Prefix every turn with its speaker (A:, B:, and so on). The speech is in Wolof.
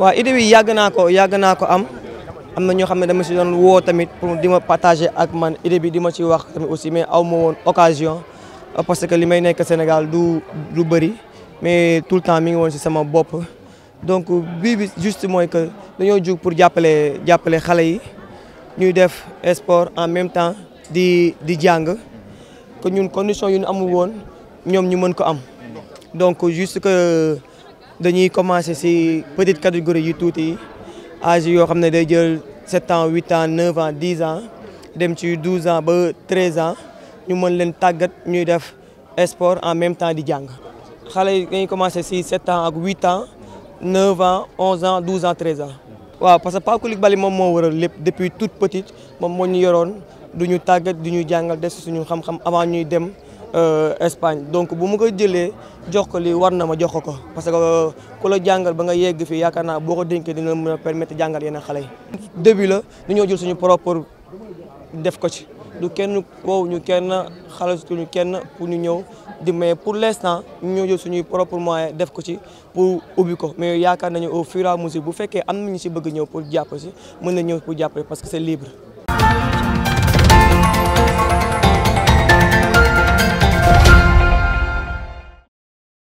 A: waaw idée bi yàgg naa ko yàgg naa ko am am na ñoo xam ne dama si doon woo tamit pour di ma partager ak man idée bi di ma si wax tamit aussi mais aw ma woon occasion parce que li may nekk Sénégal du du bëri mais tout le temps mi ngi woon si sama bopp donc bii bi mooy que dañoo jug pour jàppale jàppale xale yi ñuy def sport en même temps di di jàng que ñun condition yu ñu amul woon ñoom ñu mën ko am donc juste que dañuy commencé ci petite catégorie yu tuuti yi 7 ans 8 ans 9 ans 10 ans dem ci 12 ans ba 13 ans ñu avons leen tàggat ñuy def sport en même temps di jàng xale Nous dañuy commencé 7 ans 8 ans 9 ans 11 ans 12 ans 13 ans parce que wëral depuis toute petite moom moo ñu yoroon du du ñu avant ñuy Euh, Espagne donc bu mu ko jëlee jox ko li war na ma jox ko ko parce que ku la jàngal ba nga yegg fii yaakaar naa boo ko dénkee dina mën a permettre jàngal yeneen xale yi. début la dañoo jël suñu propre def ko ci du kenn ñu kenn xalatuñu kenn pour ñu ñëw di mais pour l'instant ñoo jël suñuy propre moyen def ko ci pour ubbi ko mais yaakaar nañu au fur et à bu fekkee am nañu si bëgg ñëw pour jàpp si mën na ñëw pour jàppale parce que c'est libre.